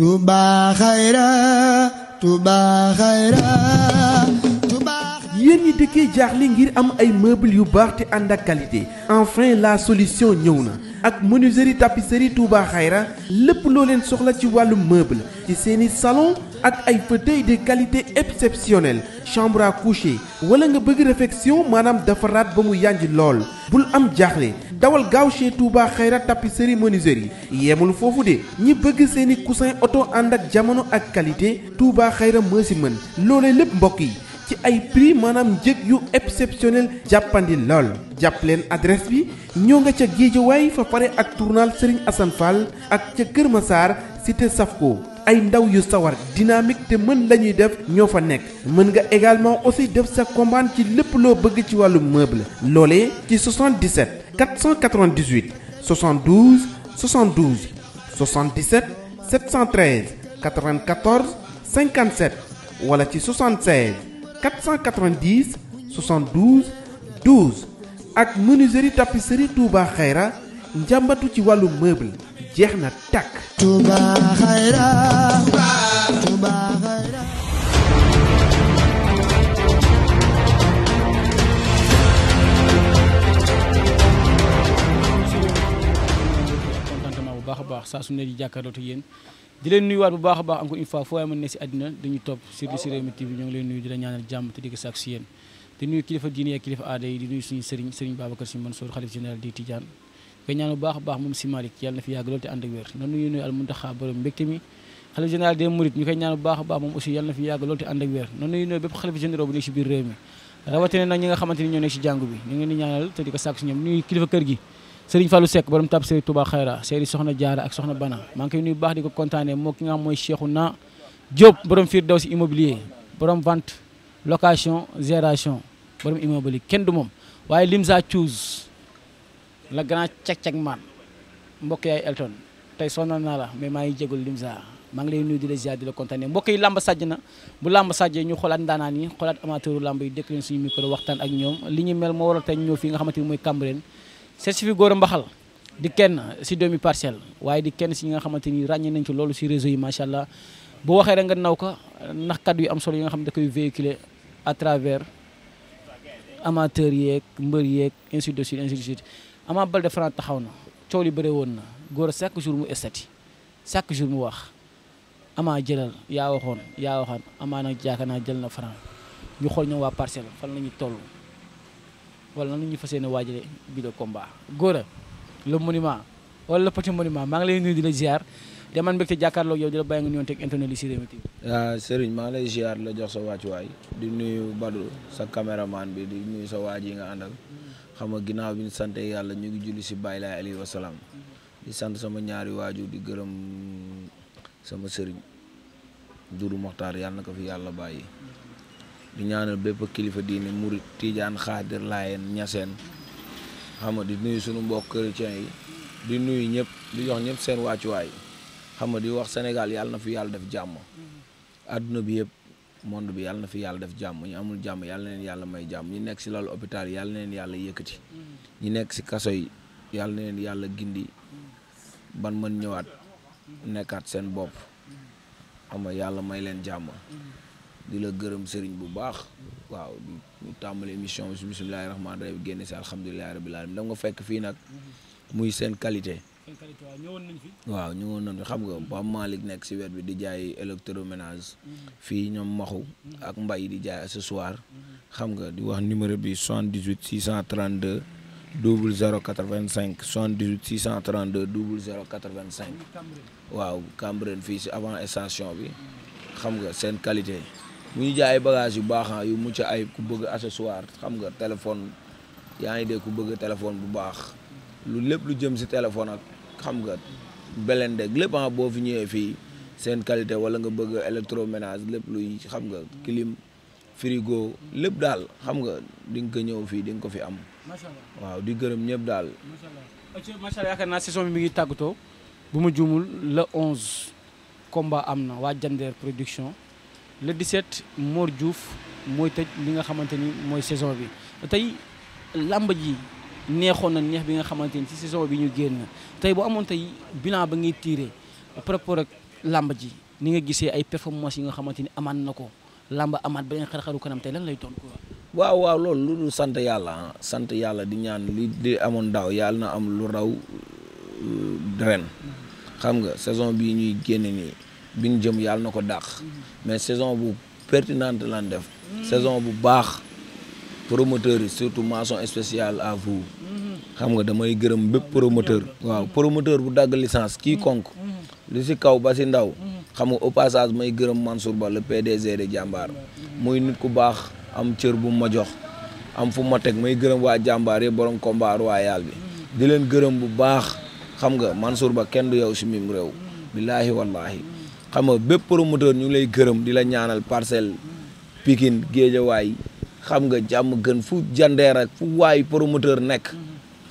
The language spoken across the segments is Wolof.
Touba Khayra Touba Khayra yéen ñi dëkkee jaaxle ngir am ay meubles yu baax te ànd ak qualité enfin la solution ñëw na ak menuiserie tapisserie Touba Xayra lépp loo leen soxla ci wàllu meuble ci seeni salon ak ay fauteuil de qualité exceptionnelle chambre à coucher wala nga bëgg réfection maanaam defaraat ba mu yànj lool bul am jaaxle dawal gaaw chez Touba Xayra tapisserie menuiserie yemul foofu de ñi bëgg seeni coussin oto ànd ak jamono ak qualité Touba Xayra moo si mën loolee lépp mbokk yi ci ay prix maanaam njëg yu exceptionnel jàppandi lool jàpp leen adresse bi ñoo nga ca Géejawaay fa pare ak tournal Serigne Assane Fall ak ca Kër Massar cité Safko ay ndaw yu sawar dynamique te mën la ñuy def ñoo fa nekk mën nga également aussi def sa commande ci lépp loo bëgg ci wàllu meuble loole ci 77 498 72 72 77 713 94 57 wala ci 76 490 72 12 ak menuiserie tapisserie njàmbatu ci wàllu meuble jeex na tàkk. Touba Xayra bu baax a baax saa su ne di jàkkaarloo ak di leen nuyuwaat bu baax a baax encore une fois foo waaye mën ne si àddina dañu topp si yéen di nuyu kilifa diine ak kilifa nuyu a nuyu al Muntaxa borom mbégte mi xalif général des Mourides ñu koy ñaan bu baax a baax moom aussi yàlla na fi yàgg lool te ànd ak wér noonu ñu nuyu bépp xalif général bu nekk si biir réew mi rawatina nag ñi nga xamante ñoo nekk si jàngu bi ñu ngi leen ñaanal te di ko si ñoom nuyu kilifa kër gi Serigne Fallou Seck borom tab Serigne Touba Xayra Serigne Soxna Diarra ak Soxna Bana maa ngi koy nuyu bu baax di ko kontaanee moo ki nga xam mooy Cheikhouna Diop borom fiir daw si immobilier borom vente location gération borom immobilier kenn du moom waaye Limza Choose la grand cag-cag man mbokk yaay Elton tey sonal naa la mais maa ngi jégul Limza maa ngi lay nuyu di la ziar di la kontaanee mbokk yi làmb sàjj na bu làmb sàjjee ñu xoolaat ndaanaan yi xoolaat amateuru làmb yi ak ñoom li ñu mel moo waral tey ñëw fii nga xamante ni mooy Cambérène certifié góor a mbaxal di kenn si doomi parcelle waaye di kenn si ñi nga xamante ni ràññee nañ ci loolu si réseau yi macha allah boo waxee rek nga naw ko ndax kàddu yu am solo yi nga xam ne da koy véhiculer à travers amateurs yeeg mbër yeeg ainsi de suite ainsi de suite Ama Baldé Franc taxaw na coow yi bëre woon na góor chaque jour mu estati chaque jour mu wax amaa jëlal yaa waxoon yaa waxoon Ama nag jaaka naa jël na Franc ñu xool ñoom waa parcelle fan la ñuy toll. wala na ñu ñuy fas yéene waajale bi komba góora Gora le monument wala le petit monument maa ngi lay nuyu di la ziar di man mbégte jàkkaarloo yow di la bàyyi nga nuyoon teg internet li si Rewmi TV. Ah, Serigne maa ngi lay ziar la jox sa wàccuwaay di nuyu Badou sa caméraman bi di nuyu sa waaj yi nga àndal xam nga ginnaaw bi ñu sant yàlla ñu ngi julli si bàyyi laay alayhi wa salaam di sant sama ñaari waajur di gërëm sama sëriñ Doudou Mokhtar yàlla na ko fi yàlla bàyyi. di ñaanal bépp kilifa diine murit tiijaan xaadir laayeen ñaseen xam di nuyu sunu mbokk chrétiens yi di nuyu ñëpp di jox ñëpp seen wàccuwaay xam di wax senegal yàlla na fi yàlla def jàmm àdduna bi yëpp monde bi yàlla na fi yàlla def jàmm ñu amul jàmm yàlla na leen yàlla may jàmm ñu nekk si lalu hôpital yàlla na leen yàlla yëkkati ñu nekk si kaso yi yàlla na leen yàlla gindi ban man ñëwaat nekkaat seen bopp xam yàlla may leen jàmm di la gërëm sëriñ bu baax waaw di tàmbali émission bi bismillahi rahmaani rahim génn si alhamdulilahi rabbil alamin da nga fekk fii nag muy seen qualité waaw ñëwoon nañ fi xam nga ba Malick nekk si wet bi di jaay électroménage mm-hmm. fii ñoom maxu mm-hmm. ak mbay di jaay accessoire mm-hmm. xam nga di wax numéro bi 78 632 00 85 78 632 00 85 waaw Cambérène fii si avant station bi xam nga seen qualité bu ñu jaay bagage yu baax yu mucc ay ku bëgg accessoire xam nga téléphone yaa ngi dee ku bëgg téléphone bu baax lu lépp lu jëm si téléphone ak xam nga belende lépp ah boo fi ñëwee fii seen qualité wala nga bëgg électroménage lépp luy xam nga clim frigo lépp daal xam nga di nga ko ñëw fii di nga ko fi am. waaw di gërëm ñëpp daal. macha allah macha naa saison bi mi ngi tàggatoo bu ma juumul la onze combat am na waa Jandeer production. le 17 Mor Diouf mooy tëj li nga xamante ni mooy saison bi tey làmb ji neexoon na neex bi nga xamante ni ci saison bi ñu génn tey boo amoon tey bilan ba ngay tiire par rapport ak làmb ji ni nga gisee ay performance yi nga xamante ni amaat na ko làmb amaat beneen xar-xaru kanam tey lan lay tontu quoi. waaw waaw loolu lu dul sant yàlla sant yàlla di ñaan li di amoon daaw yàlla na am lu raw euh, ren mm-hmm. xam nga saison bii ñuy génn nii. bi ñu jëm yàlla na ko dàq. Mhm. mais saison bu pertinante lan def. Mhm. saison bu baax promoteurs yi surtout mention spéciale à vous. Mhm. xam nga damay gërëm bépp promoteur. waaw promoteur bu dagg licence quiconque. lu si kaw ba si ndaw. xam nga au passage may gërëm Mansour Ba le PDG de jàmbaar muy nit ku baax am cër bu ma jox am fu ma teg may gërëm waa jàmbaar yi borom combat royal bi di leen gërëm bu baax xam nga Mansour Ba kenn du yow si miim réew billaahi wallaahi xam nga bépp promoteur ñu ngi lay gërëm di la ñaanal parcelle Pikine Géejawaay xam nga jàmm gën fu jandeer ak fu waay promoteur nekk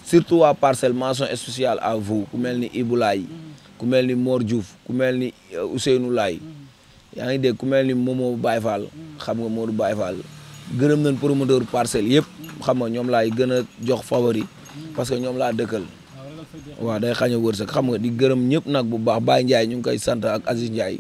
surtout waa parcelle mention spéciale à vous ku mel ni Ibou Laye ku mel ni moor Diouf ku mel ni euh, Ousseynou Laye yaa ngi dégg ku mel ni Momo Baye Fall xam nga Modou Baye Fall gërëm nañ promoteur parcelle yëpp xam nga ñoom laay gën a jox favori parce que ñoom laa dëkkal waaw day xañ a wërsëg xam nga di gërëm ñëpp nag bu baax Baye Ndiaye ñu ngi koy sant ak Aziz Ndiaye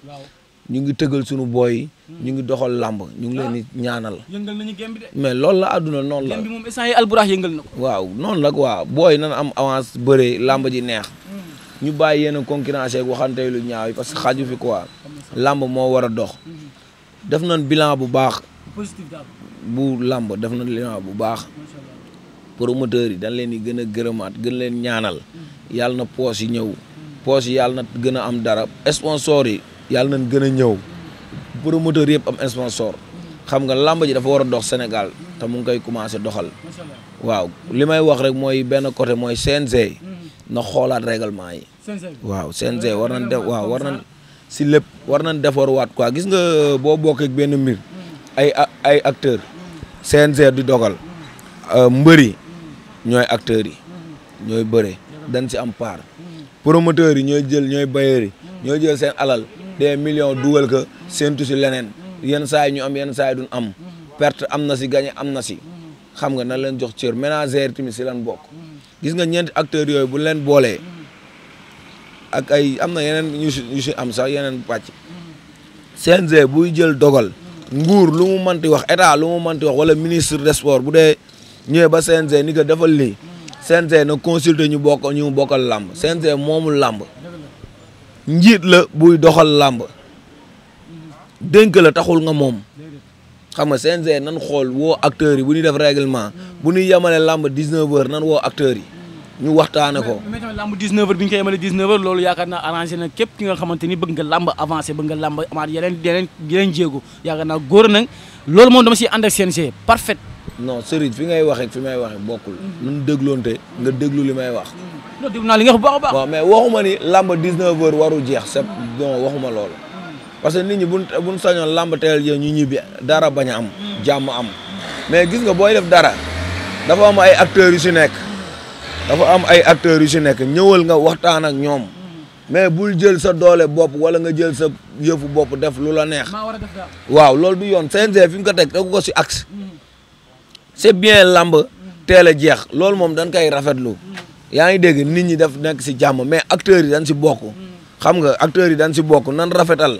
ñu ngi tëgal suñu booy yi hmm. ñu ngi doxal làmb ñu ngi leen di ah. ñaanal yëngal nañu gem bi de mais loolu la àdduna noonu la gem bi moom instant yi alburax yëngal na ko waaw la quoi booy nan am avance bëree làmb ji neex hmm. ñu bàyyi yéen a concurrence ak waxante lu ñaaw yi parce que xaju fi quoi làmb moo war a dox hmm. def nañ bilan bu baax bu làmb def nañ bilan bu baax promoteurs yi dañ leen di gën a gërëmaat gën leen ñaanal yàlla na poos yi ñëw poos yi yàlla na gën a am dara sponsor yi yàlla nañ gën a ñëw promoteurs yëpp am sponsor xam nga làmb ji dafa war a dox Sénégal te mu ngi koy commencé doxal waaw li may wax rek mooy benn côté mooy CNG na xoolaat règlement yi waaw CNG war nañ def waaw war na si lépp war nañ defarwaat quoi gis nga boo bokkee benn mbir ay ay acteur CNG di dogal mbëri ñooy acteurs yi mm-hmm. ñooy bëre mm-hmm. dañ si am part mm-hmm. promoteurs yi ñooy jël ñooy bailleurs yi ñooy jël seen alal des million dugal ko séntu si leneen yenn saa yi ñu am yenn saa yi duñ am perte am na si gagné am na si xam nga na leen jox cër ménagère tamit si lan bokk gis nga ñeenti acteurs yooyu bu leen boolee ak ay am na yeneen ñu si am sax yeneen pàcc CNG buy jël dogal nguur lu mu manti wax état lu mu manti wax wala ministre de sports bu dee ñëwee ba CNG ni ko defal lii CNG na consulter ñu bokk ñu bokkal làmb CNG moomul làmb njiit la buy doxal làmb dénk la taxul nga moom xam nga CNG nan xool woo acteurs yi bu ñuy def règlement mm. bu ñuy yemale làmb 19 heures nan woo acteurs yi ñu waxtaane ko. mais mais làmb 19 heures bi ñu koy yemale 19 loolu yaakaar naa arrangé na képp ki nga xamante ni bëgg nga làmb avancé bëgg nga làmb amaat yeneen yeneen yeneen jéego yaakaar naa góor nag. loolu moom dama siy ànd ak CNG parfait. non Serigne fi ngay waxee fi may waxee bokkul. Mhm. ñun dégloonte nga déglu li may wax. Mhm. non déglu naa li nga wax bu baax a baax. waaw mais waxuma ni làmb 19h waru jeex c'est bon waxuma loolu. Mhm. parce que nit ñi buñ buñ sañoon làmb teel jeex ñu ñibbi dara bañ am. jàmm am mais gis nga booy def dara dafa am ay acteurs yu si nekk. dafa am ay acteurs yu si nekk ñëwal nga waxtaan ak ñoom. mais bul jël sa doole bopp wala nga jël sa yëfu bopp def lu la neex. waaw loolu du yoon CNG fi mu ko teg tegu ko si axe. Mm-hmm. c'est bien lamb mm-hmm. teel a jeex loolu moom dañ koy rafetlu. Mm-hmm. yaa ngi dégg nit ñi daf nekk si jàmm mais acteurs yi dañ si bokk. xam nga acteurs yi dañ si bokk nan rafetal.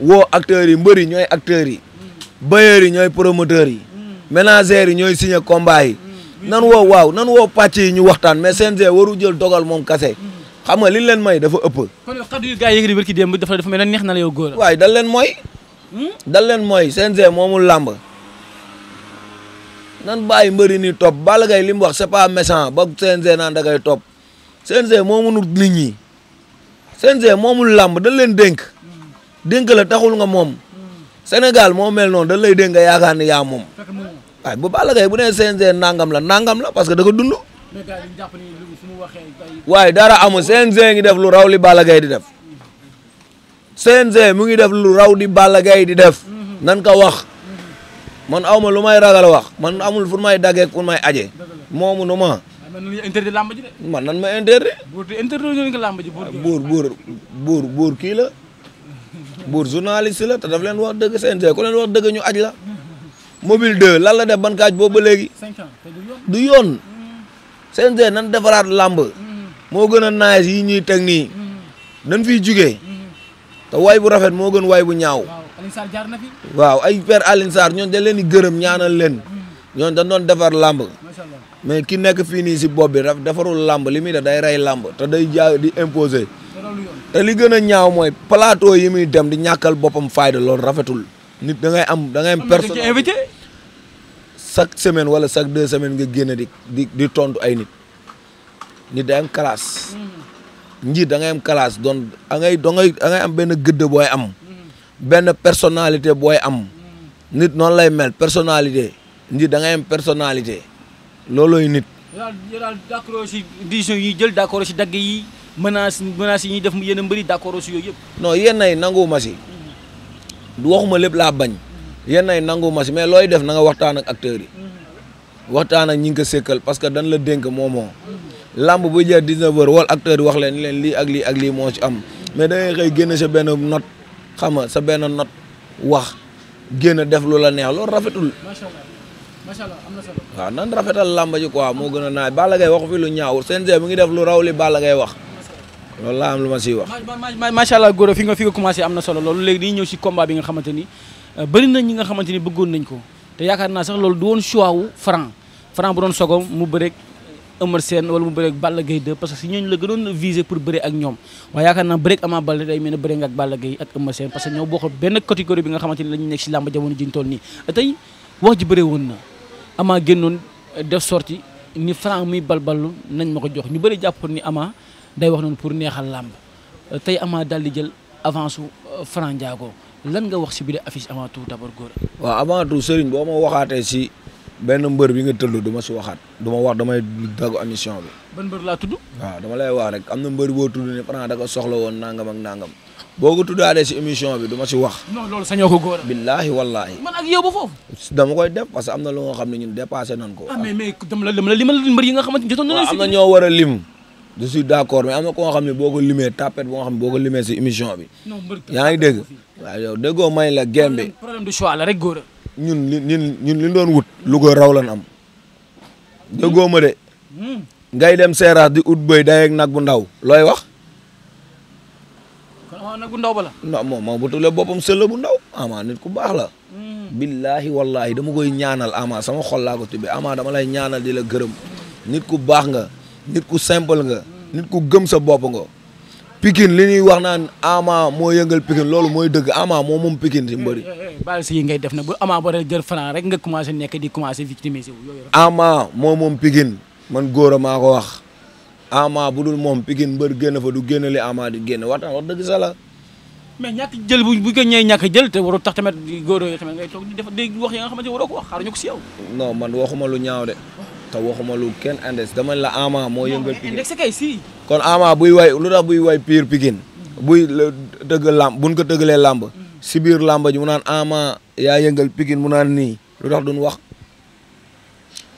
woo acteurs yi mbëri ñooy acteurs yi. bailleurs yi ñooy promoteurs yi. ménagères yi ñooy signé combat yi. nan woo waaw nan woo pàcc ñu waxtaan mais CNG waru jël dogal moom kase. xam nga li leen may dafa ëpp. kon yi yëg di wërki démb dafa dafa mel ne neex na la yow góor waaye leen mooy. dal leen mooy CNG hmm? moomul làmb. nan bàyyi mbëri ni topp Balla Gaye li mu wax c'est pas méchant ba CNG na da ngay topp CNG moomu nit ñi CNG moomul làmb dañ leen dénk dénk la taxul nga moom senegal moo mel noonu dañ lay dénk nga yaakaar ni yaa moom waaye bu Balla Gaye bu nee CNG nangam la nangam la parce que da ko waaye dara amul CNG ngi def lu raw li bala gay di def CNG mu ngi def lu raw di Balla Gaye di def mhm. nan ko wax mhm. man aw ma lu may ragal wax man amul fu may daggee ku may aje moo moomu nu ma. man nan ma interdit. buur buur buur buur kii la buur journaliste la te daf leen wax dëgg CNG ku leen wax dëgg ñu aj la. mobile de lan la def ban kaaj boobu ba léegi. du yoon. CNG nan defaraat làmb mm. moo gën a naaj yi ñuy teg nii mm. nan fiy jugee mm. te way bu rafet moo gën way bu ñaaw waaw ay per Alioune Sarr ñoon dañ leen di gërëm ñaanal leen ñoon dañ doon defar làmb mais ki nekk fii nii si bopp bi defarul làmb li muy def day rey làmb te day jaa di imposer te li gën a ñaaw mooy palaato yi muy dem di ñàkkal boppam fayda loolu rafetul nit da ngay am da ngay am personne chaque semaine wala chaque deux semaines nga génne di di di tontu ay nit nit day am classe. Mm-hmm. njiit da ngay am classe doon da ngay am benn gëdd booy am. Mm-hmm. benn personnalité booy am. Mm-hmm. nit noonu lay mel personnalité njiit da ngay am personnalité loolooy nit. daal daal d' accord yi jël d' accord dagg yi menaces menaces yi ñuy def yéen a mbëri d' accord yooyu yëpp. non yéen ay nanguwuma si. waxuma lépp laa bañ. yenn ay nangu ma si mais looy def nanga waxtaan ak acteurs yi waxtaan ak ñi nga ko sékkal parce que dañ la dénk moo moo làmb bu jeex 19 wal wala acteurs yi wax leen leen lii ak lii ak lii moo ci am mais da ngay xëy génn sa benn not xam nga sa benn not wax génn def lu la neex loolu rafetul. macha allah na solo waaw nan rafetal làmb ji quoi moo gën a naaj Balla Gaye waxu fi lu ñaawul CNG mu ngi def lu raw baa Balla Gaye wax. loolu laa am lu ma siy wax. macha allah Gora fi fi nga solo loolu léegi dañuy ñëw si combat bi nga xamante ni Euh, bëri na ñi nga xamante ni bëggoon nañ ko te yaakaar naa sax loolu du woon choix wu Franc Franc bu doon sogom mu bëreeg Eumeu Sène wala mu bëreeg Balla Gaye 2 parce que si ñooñu la gënoon viser pour bëre ak ñoom waaye yaakaar naa bëreeg Ama Baldé day mel ne bëre nga ak Balla Gaye ak Eumeu Sène parce que ñoo bokk benn catégorie bi nga xamante ni la ñu nekk si làmb jamono jiñ toll nii tey wax ji bëre woon na Ama génnoon def sorti ni Franc muy balballu nañ ma ko jox ñu bëri jàppoon ni Ama day wax noonu pour neexal làmb tey Ama daal di jël avance su euh, Franc lan nga wax si biir affiche avant tout d'abord góor waaw avant tout Serigne boo ma waxaatee si benn mbër bi nga tëdd du ma si waxaat du ma wax damay dagg émission bi. ban laa tudd. waaw lay wax rek am na mbër boo tudd ne Franc da ko woon nangam ak nangam boo ko tuddaalee si émission bi duma ma si wax. non loolu sañoo ko góor. billaahi ak yow ba foofu. dama koy def parce que nga xam ne ñun dépassé nañ ko. ah mais mais yi nga xamante ne jotoon nañu na ñoo war a lim. je suis d' accord mais am na ko nga xam ne boo ko limee tapet boo nga xam ne boo ko limee si émission bi. yaa ngi dégg. waaw yow déggoo may la game bi problème rek góor ñun li ñun ñun doon wut. lu ko raw lan am. ma de. Hmm. ngay dem seeraas di ut bëy dayeeg nag bu ndaw looy wax. kon nag bu ndaw ba la. non moom moom bu boppam sëlla bu ndaw ama nit ku baax la. Hmm. billahi wallahi dama koy ñaanal ama sama xol laa ko tibbee ama dama lay ñaanal di la gërëm. nit ku baax nga. nit ku simple nga nit ku gëm sa bopp nga Pikine li ñuy wax naan Ama moo yëngal Pikine loolu mooy dëgg Ama moo moom Pikine si mbëri eh, eh, eh, baal si yi ngay def na bu Ama ba jël franc rek nga commencé nekk di commencé victimiser wu yooyu Ama moo moom Pikine man góor maa ko wax Ama bu dul moom Pikine mbër génn fa du génn li Ama di génn waxtaan wax dëgg sa la mais ñàkk jël bu bu ko ñëwee ñàkk jël te waru tax tamit góor yooyu tamit ngay toog di def wax yi nga xamante ne waroo ko wax xaaruñu ko si yow non man waxuma lu ñaaw te waxuma lu kenn index dama la Ama moo yëngal. index kay si. kon Ama buy way lu tax buy way pire Pikine. buy dëgg làmb buñ ko dëggalee làmb. si biir làmb ji mu naan Ama yaa yëngal Pikine mu naan nii lu tax duñ wax.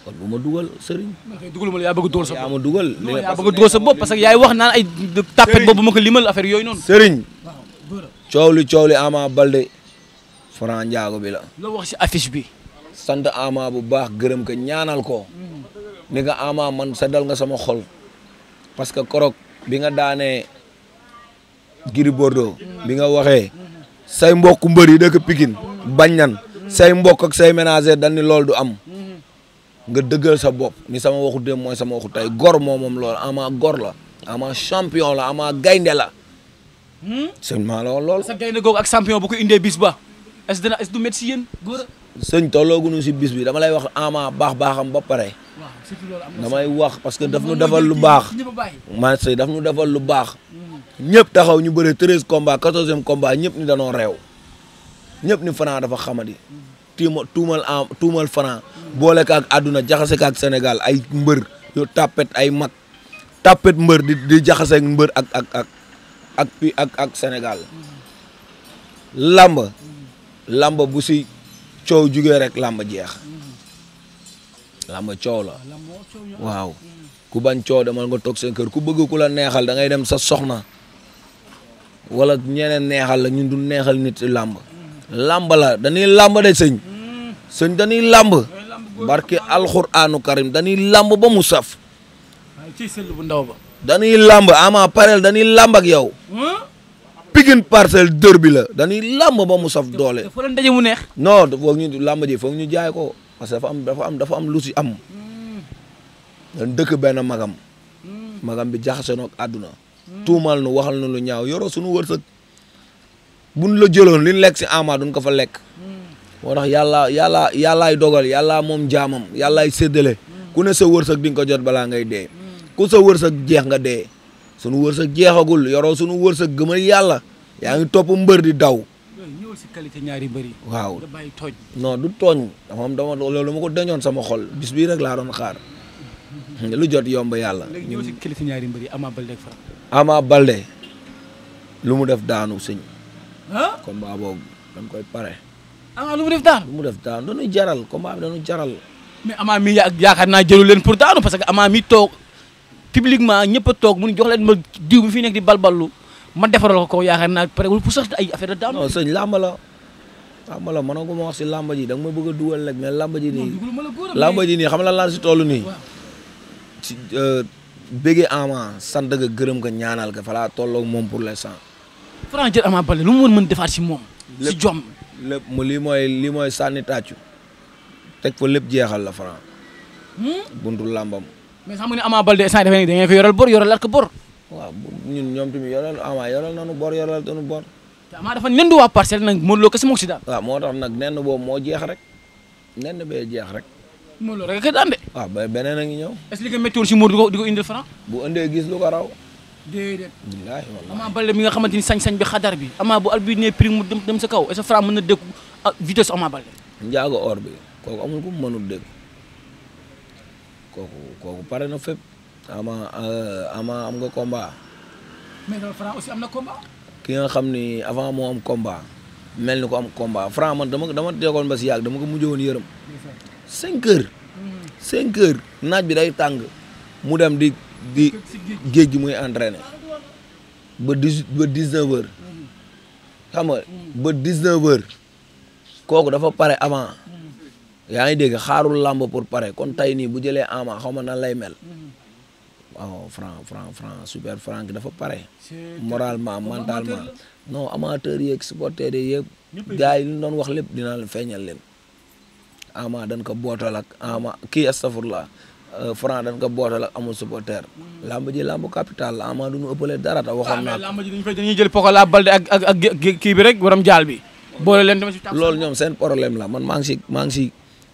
kon bu dugal sëriñ. dugaluma la yaa bëgg a sa bopp ma dugal. yaa bëgg a dugal sa bopp parce que yaay wax naan ay. tàppet boobu ma ko affaire yooyu noonu. sëriñ coow li coow li Balde Franc Ndiago bi la. loo wax si affiche bi. sant Ama bu baax gërëm ko ñaanal ko mm. ni nga Ama man seddal nga sama xol parce que korok bi nga daanee Gris Bordeaux mm. bi nga waxee say mbokk mbër yi dëkk Pikine mm. bañ say mbokk ak say ménager dañ ni loolu du am nga dëggal sa bopp ni sama waxu dem mooy sama waxu tey gor moo moom Ama gor la Ama champion la Ama gaynde la hmm? seulement loolu loolu sa gaynde googu ak champion bu ko indee bis ba est-ce est du métti si yéen sëñ tollooguñu si bis bi dama lay wax ama baax baaxam ba pare. damay wax parce que daf nu defal lu baax. man sëy daf nu defal lu baax. ñëpp taxaw ñu bëre treize combat quatorzième combat ñëpp ni danoo réew. ñëpp ni Franc dafa xamadi. Mm-hmm. tiima tuumal am tuumal Franc. boole kaak àdduna jaxase kaak senegal ay mbër yu tàppet ay mag. tàppet mbër di di jaxase mbër ak ak ak ak ak ak Sénégal. Mm-hmm. lamba. Mm-hmm. lamba bu si. coow jugee rek làmb jeex mm-hmm. làmb coow la waaw mm-hmm. ku bañ coow demal nga toog seen kër ku bëgg ku la neexal da ngay dem sa soxna wala ñeneen neexal la ñun du neexal nit làmb mm-hmm. làmb la dañuy làmb de sëñ sëñ dañuy làmb barki alxuraanu karim dañuy làmb ba mu saf dañuy làmb ama parel dañuy làmb ak yow Pikine parcelle dër bi la dañuy làmb ba mu saf doole. dafa mu neex. non foog ñu làmb ji ñu jaay ko parce dafa am dafa am dafa am lu si am. Hmm. dëkk benn magam. Hmm. magam bi jaxase na ak àdduna. tuumal nu waxal nu lu ñaaw yoroo suñu wërsëg. bun la jëloon liñ lekk si ama duñ ko fa lekk. Hmm. moo tax yàlla yàlla yàllaay dogal yàlla moom jaamam yàllaay séddale. ku ne sa wërsëg di nga ko jot balaa ngay dee. ku sa wërsëg jeex nga dee. sunu wërsëg jeexagul yoroo sunu wërsëg gëmal yàlla yaa ngi topp mbër di daw. ñëw ñaari mbër yi. waaw nga bàyyi tooñ. non du tooñ dama am dama loolu dama ko dañoon sama xol bis bii rek laa doon xaar lu jot yomb yàlla. léegi ñëw ñaari mbër yi Ama Baldé ak lu mu def daanu sëñ. combat boobu dañ koy pare. Ama lu mu def daanu. lu mu def daanu dañuy jaral combat bi dañuy jaral. mais Ama mi yaakaar naa jëlu leen pour daanu parce que Ama mi toog. publiquement ñëpp a toog mun jox leen ma diw bi fi nekk di balballu ma defaral ko ko yaakaar naa pare wul pour sax ay affaire de. non sëñ làmb la làmb la mënoo ko ma wax si ji da ma bëgg a dugal rek mais làmb ji nii. làmb ji nii xam la lan si toll nii. ci euh, bëggee Ama sant nga gërëm nga ñaanal ka fa laa tolloog moom pour l'instant. Franc jël Ama Baldé lu mu mën mën defaat si moom. si jom lépp mu lii mooy lii mooy sànni tàccu lépp jeexal la Franc. Hmm? buntu làmbam. mais xam nga ne Ama Baldé instant defee nii da ngeen fi yoral bor yoral ak bor. waaw ñun ñoom tamit yoral Ama yoral nañu bor yoral nañu bor. te Ama dafa nendu waa parcelle nag Modou Lo kese moo ko si daan. moo tax nag nenn boobu moo jeex rek nenn bee jeex rek. Modou a daan de. a ngi ñëw. est-ce que li nga méttiwoon di ko indil franc. bu indee gis lu ko raw. déedéet. wallaahi wallaahi Ama nga xamante ni sañ-sañ bi xadar bi Ama bu al bi nee prix mu dem sa kaw est-ce que franc mën na dégg ah, vitesse Ama njaago or bi kooku amul ku mu mënul kooku kooku pare na fépp ama euh, ama am nga na combat. ki nga xam ni avant moo am combat mel ni ko am combat Franc man dama dama déggoon ba si yàgg dama ko mujjoon yërëm. 5 heures. 5 mm-hmm. heures naaj bi day tàng dem di di géej gi muy entraîné ba 18 ba mm-hmm. mm-hmm. ba 19 kooku dafa pare avant. yaa ngi dégg xaarul làmb pour pare kon tey nii bu jëlee ama xaw ma nan lay mel. Mm-hmm. waaw franc franc franc super franc dafa pare. moralement mentalement. non amateurs yeeg supporters yeeg. gars yi li ñu doon wax lépp dina leen feeñal leen. ama dan ko bootal ak ama kii astafurla euh, franc dañ ko bootal ak amul supporter. Mm-hmm. làmb ji làmb capital la ama du ñu ëppale dara te waxoon naa. làmb kii bi rek waram jaal bi. boole leen dama si loolu ñoom seen problème la man maa ngi maa ngi si.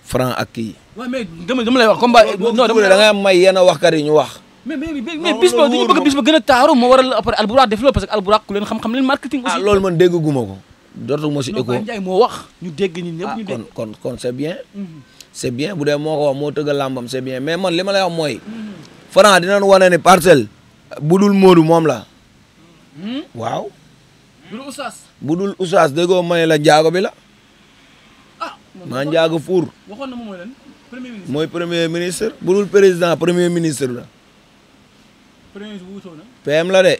franc ak kii. waaw mais dama dama lay wax combat. non dama da ngay may yenn waxkat ñu wax. mais mais mais bis ba dañu bëgg bis gën a taaru moo waral après alburax def parce que alburax ku leen xam leen marketing. aussi ah loolu man ko. dootu ma si écho moo wax. ñu dégg ñun ñëpp ah, ñu dégg kon kon kon c'est bien. Mhm. c'est bien bu dee moo ko wax moo tëgg a làmbam c'est bien mais man li ma lay wax mooy. wane ni parcelle. bu dul Modou moom la. Hmm? waaw. bu dul Oustaz. bu dul Oustaz déggoo ma la jaago bi la. maa njaago fuur waxoon na moom mooy lan premier ministre mooy premier premier ministre la premier ministre wuutoo na PM la de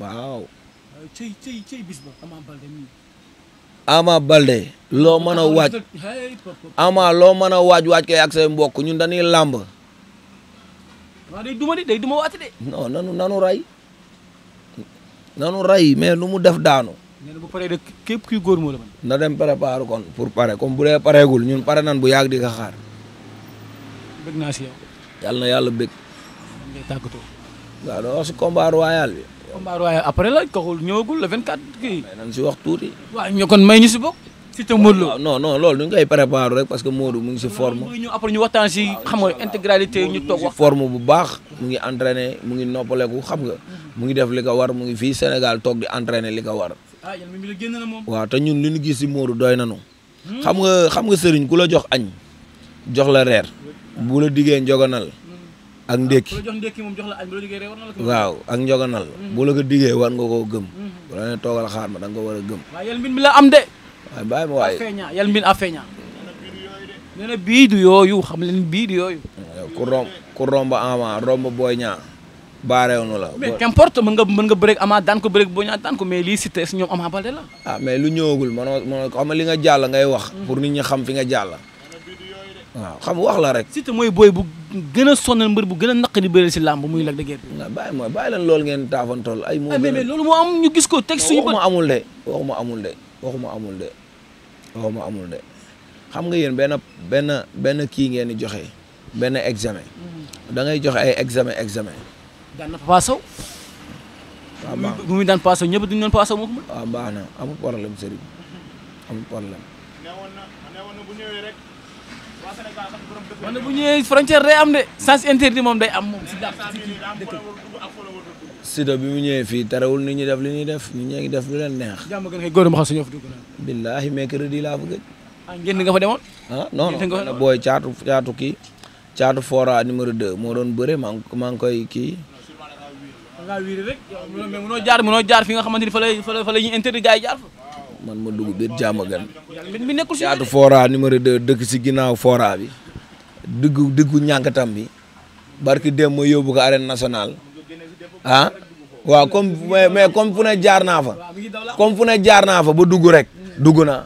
ba Ama Balde Ama Balde loo mën a waaj Ama loo mën a waaj waaj kay ak say mbokk ñun dañuy làmb waaw day duma de day duma waati de non nanu nanu nanu ray mais nu mu def daanu nee na bu paree de képp kuy góor moo la mën. na dem préparer kon pour pare comme bu dee pareegul ñun pare nan bu yàgg di ka xaar. bëgg naa si yow. yàlla na yàlla bëgg. man ngay tàggatoo. waaw doo wax si combat royal bi. combat royal après la kooku ñëwagul le si wax tuuti. waaw ñu kon may ñu si bokk. si te Modou Lo non non loolu ñu koy que Modou mu ngi si forme. waaw ñu après ñu waxtaan si xam nga intégralité ñu toog bu baax mu ngi entraîné mu ngi noppaleku xam nga. Mm-hmm. mu ngi def li ko war mu ngi fii Sénégal toog di entraîné li ko war. Ah, waa te ñun li ñu gis si Modou doy nañu xam nga nga sëriñ ku la jox añ jox la reer bu la diggee njoganal ak ah, ndékki waaw ak njoganal mm-hmm. bu la ko diggee war nga koo gëm mm-hmm. bu la ne toogal xaar ma da nga war a gëm yal mbin mi am de waaye mbin a feeña nee na bii bii du ku romb ama romb booy ñaa baareewuñu la. mais qu'importe nga mën nga bëreeg Ama daan ko bëreeg Boña daan ko mais si ñoom Ama Baldé la. ah mais lu ñëwagul mënoo mënoo xam li nga jàll ngay wax. pour nit ñi xam fi nga jàll. waaw xam wax la rek. si Siteu mooy booy bu gën a sonal mbër bu gën a naqari bëri si làmb muy Lac de Guiers. nga bàyyi ma bàyyi leen loolu ngeen taafantool ay. moo ah, gën a mais mais am ñu gis ko teg suñu bët. waxuma amul de waxuma amul de waxuma amul de waxuma amul de xam nga yéen benn benn benn kii ngeen di joxe benn examen. Mm-hmm. da ngay joxe ay examen examen daan na Papa Sow. waaw ah, baax na bu muy daan Papa Sow ñëpp duñu doon Papa Sow moo ko ah, mën. waaw baax na amul problème Serigne amul problème. newoon na newoon na bu ñëwee rek. waa Sénégal sax borom dëkk wala bu ñëwee frontière day am de sens interdit moom day am moom si dàq si kii dëkk Siteu bi mu ñëwee fii terewul nit ñi def li ñuy def nit ñi ngi def lu leen neex. jàmm gën kay góor ma xam suñu fa dugg naa. billaahi mercredi laa fa gëj. ah ngeen nga fa demoon. ah non non booy caatu caatu kii. caatu fora numéro 2 moo doon bëre maa ngi maa ngi koy kii. ngaa wiiri rek mais jaar mënoo jaar fi nga xamante ni fa lay fa la ñuy interdit gars yi jaar fa man ma dëkk si ginnaaw fooraa bi diggu diggu bi barki dem ma yóbbu ko arène nationale ah waaw comme mais jaar naa fa comme fu jaar naa fa ba dugg rek dugg naa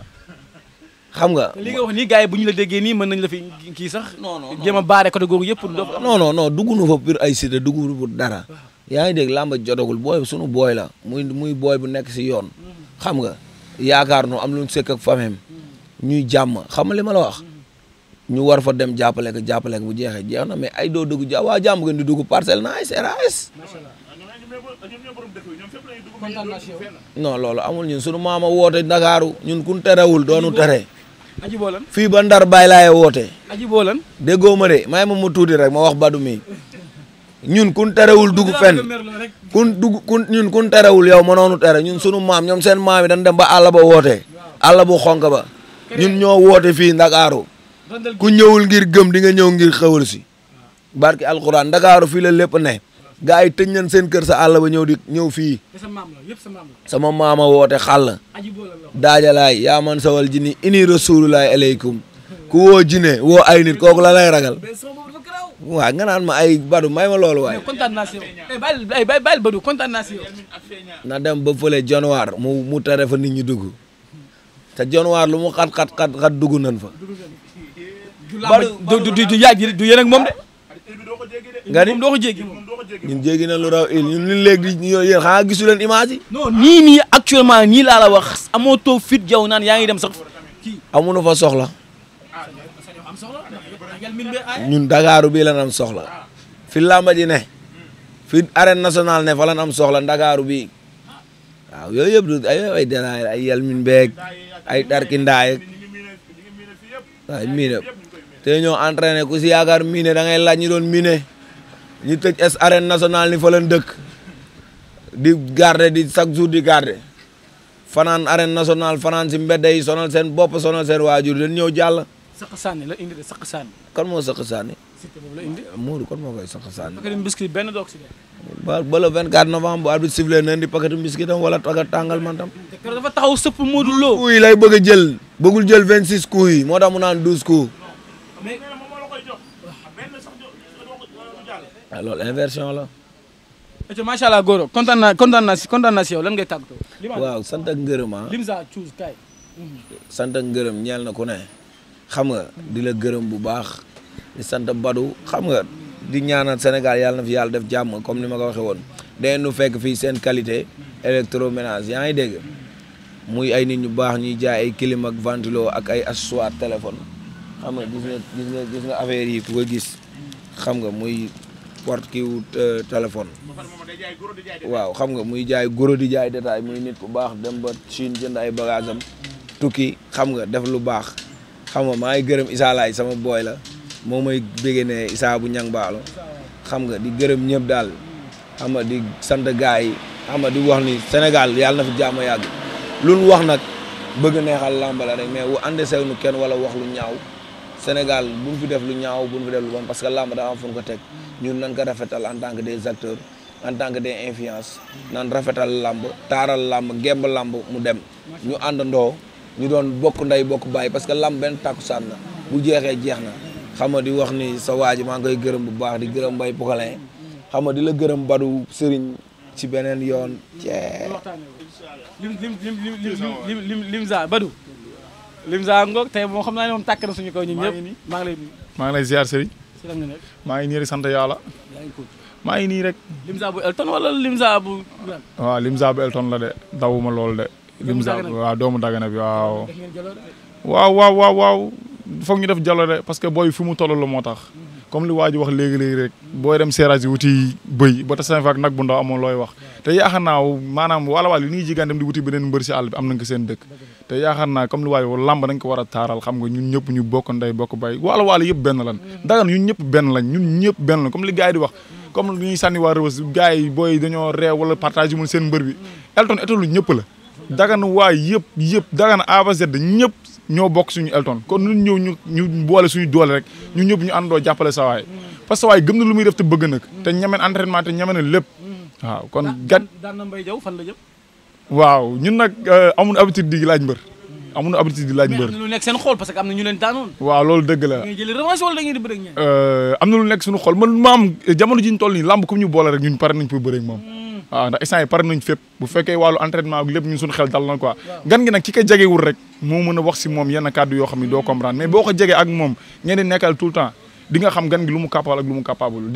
xam nga. li nga bu ñu la déggee nii mën nañ la fi kii sax. non non jéem a baare côté googu yëpp. non non non dugg na fa pour ay cité dugg pour dara. yaa ngi dégg làmba jotagul booy sunu booy la muy muy booy bu nekk si yoon xam nga yaakaar nu am lu sëkk ak ñuy jàmm xam nga li ma la wax ñu war fa dem jàppale ko jàppale ko bu jeexee jeex na mais ay doo dugg ja waa jàmm ngeen di dugg parcelle na ay CRAS. non loolu amul ñun sunu maama woote Ndakaaru ñun kun terewul doonu tere. aji boolan fii ba Ndar bàyyi laay woote. aji boolan déggoo ma de may ma mu tuuti rek ma wax badu mii ñun kun terewul dugg fenn kun dugg kun ñun kun terewul ma noonu tere ñun sunu maam ñoom seen maam yi dan dem ba àll ba woote àll bu xonk ba ñun ñoo woote fii ndakaaru ku ñëwul ngir gëm di nga ñëw ngir xewal si barki alxuraan ndakaaru fii la lépp ne gaa yi tëj nañ seen kër sa àll ba ñëw di ñëw fii sama maama woote xàll daajalaay yaa man sawal jini ini rasulullahi aleykum ku woo jine woo ay nit kooku la lay ragal waaw nga ma ay Badou may ma loolu waaye. kontaan naa si yow eh, ay na dem ba fële januar mu mu tere fa nit ñi dugg te lu mu xat xat xat xat dugg nañ fa. du du yaay du yéen ak moom de. nga ni moom doo ko jéggi moom na lu raw il ñun ñun léegi yéen xanaa gisu leen image yi. non nii nii actuellement nii laa la wax amoo too fit jaw naan yaa ngi dem sax. amuñu fa soxla. ñun Dakaaru bii lan am soxla fi làmba ji ne fi arène nationale ne fa lan am soxla Dakaaru bii waaw yooyu yëpp du ay ay déraay ay yal min beeg ay tarkindaay waaye miine te ñoo entraîné ku si yaakaar miine da ngay laaj ñi doon miine ñu tëj es arène nationale ni fa lan dëkk di garder di chaque jour di garder fanaan arène nationale fanaan si mbedd yi sonal seen bopp sonal seen waajur dañ ñëw jàll saq sànni la indi de saq sànni. kan moo saq sànni. Siteu boobu la indi. Modou kan moo koy saq sànni. Pakatim Biscuit benn doog si de. ba ba le 24 novembre bu arbitre sifflé na Biscuit tam wala taga tàngal man tam. dafa taxaw sëpp Modou Lo. kuy lay bëgg a jël. bëggul jël 26 coups yi moo tax mu naan 12 coups. Ah, la. et macha allah kontaan naa kontaan naa lan ngay tàggatoo. waaw sant ak ngërëm ah. Limza Thiouz kaay. sant ak na ku xam nga di la gërëm bu baax di sant Badou xam nga di ñaanal senegal yàlla na fi yàlla def jàmm comme ni ma ko waxee woon dangeen nu fekk fii seen qualité électroménager yaa ngi dégg muy ay nit ñu baax ñuy jaay ay clim ak ventilo ak ay accessoire téléphone xam nga affaire yi ku ko gis xam nga muy porte kii wu euh, téléphone waaw xam nga muy jaay goro di jaay détail muy nit ku baax dem ba Chine jënd ay bagage tukki xam nga def lu baax xam nga maa ngi gërëm Issa sama booy la moo mooy béggee ne Issa bu ñang baalo xam nga di gërëm ñëpp daal xam nga di sant gars yi xam nga di wax ni Sénégal yàlla na fi jàmm yàgg lu nu wax nag bëgg neexal làmb la rek mais wu ànd sew nu kenn wala wax lu ñaaw Sénégal bu ñu fi def lu ñaaw bu ñu fi def lu bon parce que làmb daa am fu ko teg ñun nan ko rafetal en tant que des acteurs en tant que des influences nan rafetal làmb taaral làmb gemb làmb mu dem ñu àndandoo. ñu doon bokk nday bokk bàyyi parce que lam benn tàkkusaan la bu jeexee jeex na xam di wax ni sa waa ji maa ngi koy gërëm bu baax di gërëm mbay pokale xam nga di la gërëm badu sëriñ si beneen yoon cee lim lim lim lim lim limza badu limza xam naa ne moom na suñu kaw maa ngi lay maa ngi lay ziar sëriñ maa ngi nii rek sant yàlla maa ngi nii rek limza bu elton wala limza bu waaw limza bu elton la de dawuma lool de lim sa waaw doomu dagana bi waaw waaw waaw waaw waaw foog ñu def jaloore parce que booy fi mu toll la moo tax comme li waa ji wax léegi-léegi rek booy dem seeraas yi wuti bëy ba ta sanfaak nag bu ndaw amoon looy wax te yaakaar naa maanaam wala wala li ñuy jigaan dem di wuti beneen mbër si àll bi am na ko seen dëkk te yaakaar naa comme li waa ji làmb dañ war a xam nga ñun ñëpp ñu bokk nday bokk bay wala wala yëpp benn lan dagan ñun ñëpp benn lañ ñun ñëpp benn lañ comme li gars di wax comme li ñuy sànni waa rëbës gars yi booy dañoo wala partage yi mun seen mbër bi elton ñëpp la dagan waay yëpp yëpp dagan A ba Z ñëpp ñoo bokk suñu Elton kon ñun ñëw ñu ñu boole suñu doole rek ñu ñëpp ñu andoo jàppale sa waay parce que waay gëm na lu muy def te bëgg nag te ñameen entraînement te ñameen lépp waaw kon gat daan na Mbaye fan la jëm waaw ñun nag euh, amun habitude di laaj mbër amun habitude di laaj mbër am na ñu leen daanoon waaw loolu dëgg la euh, am na lu nekk suñu xol man maam jamono ji ñu toll nii làmb ku ñu boole rek ñun pare nañ pour bëre moom waaw ndax instant yi pare nañ fépp bu fekkee wàllu entraînement ak lépp ñun suñu xel dal na quoi gan gi nag ki ko jegewul rek yoo xam ne doo comprendre mais boo ko jegee ak moom ngeen di nekkal tout le temps di nga xam mu capable ak lu mu capable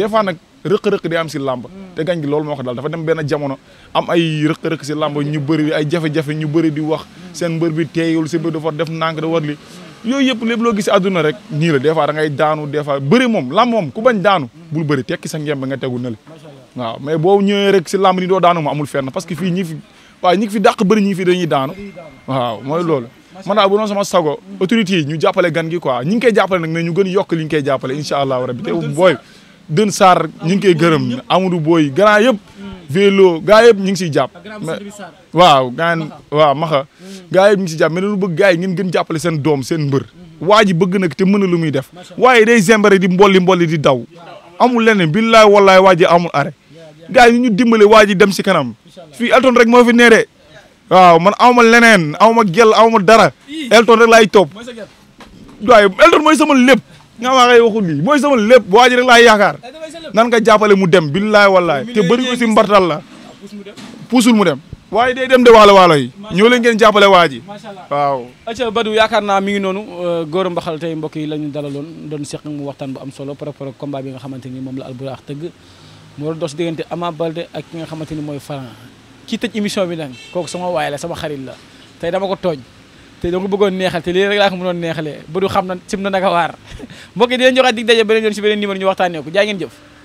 am si làmb hmm. te gan gi loolu moo ko dal dafa dem benn jamono am ay rëq-rëq si ay jafe ñu bëri di wax hmm. seen mbër bi teeyul seen mbër dafa def nànk da war li yooyu yëpp lépp loo gis àdduna rek nii la des fois da ngay daanu des fois bëri moom làmb moom ku bañ daanu hmm. bul bëri tekki sa ngemb nga tegu na waaw mais boo ñëwee rek si lamb ni doo daanu ma amul fenn parce que fii ñi fi waaw ñi fi dàq bëri ñi fi dañuy daanu waaw mooy loolu man daal bu doon sama sago mm. autorité yi ñu jàppale gan gi quoi ñi ngi koy jàppale nag mais ñu gën yokk li koy jàppale incha allahu rabbi te booy dën saar ñu ngi koy gërëm amadou booy grand yëpp mm. vélo gaa yëpp ñu ngi siy jàpp waaw gaan waaw maxa mm. gaa yëpp ñu ngi siy jàpp mais dañu gaa yi ngeen gën jàppale seen doom seen mbër mm-hmm. waa ji bëgg nag te mën a lu muy def waaye day zembare di mbolli mbolli di daw amul leneen billaay wallaay waa ji amul are gars yi ñu dimbale waa ji dem si kanam fii Elton rek moo fi neeree waaw man awma leneen awma gel awma dara Elton rek laay topp waaye Elton mooy sama lépp nga maa ngay waxul lii mooy sama lépp waa rek laay yaakaar nan nga jàppale mu dem billaay wallaay te bëri ko si mbartal la ah, puusul mu dem waaye day dem de waalo waalo yi ñoo leen ngeen jàppale waa ji waaw aca Badou yaakaar naa mi ngi noonu euh, Gora Mbaxal tey mbokk yi la ñu dalaloon doon seq mu waxtaan bu am solo par rapport ak nga xamante ni moom la Albourakh tëgg moo doon dox si diggante Ama Balde ak nga xamante ni mooy Franc ki tëj émission bi nag kooku sama waay la sama xarit la tey dama ko tooñ te dama ko bëggoon neexal te lii rek laa ko mënoon neexalee ba du xam na sim na naka waar mbokk yi di leen joxaat dig daje beneen yoon si beneen numéro ñu waxtaanee ko jaa ngeen jëf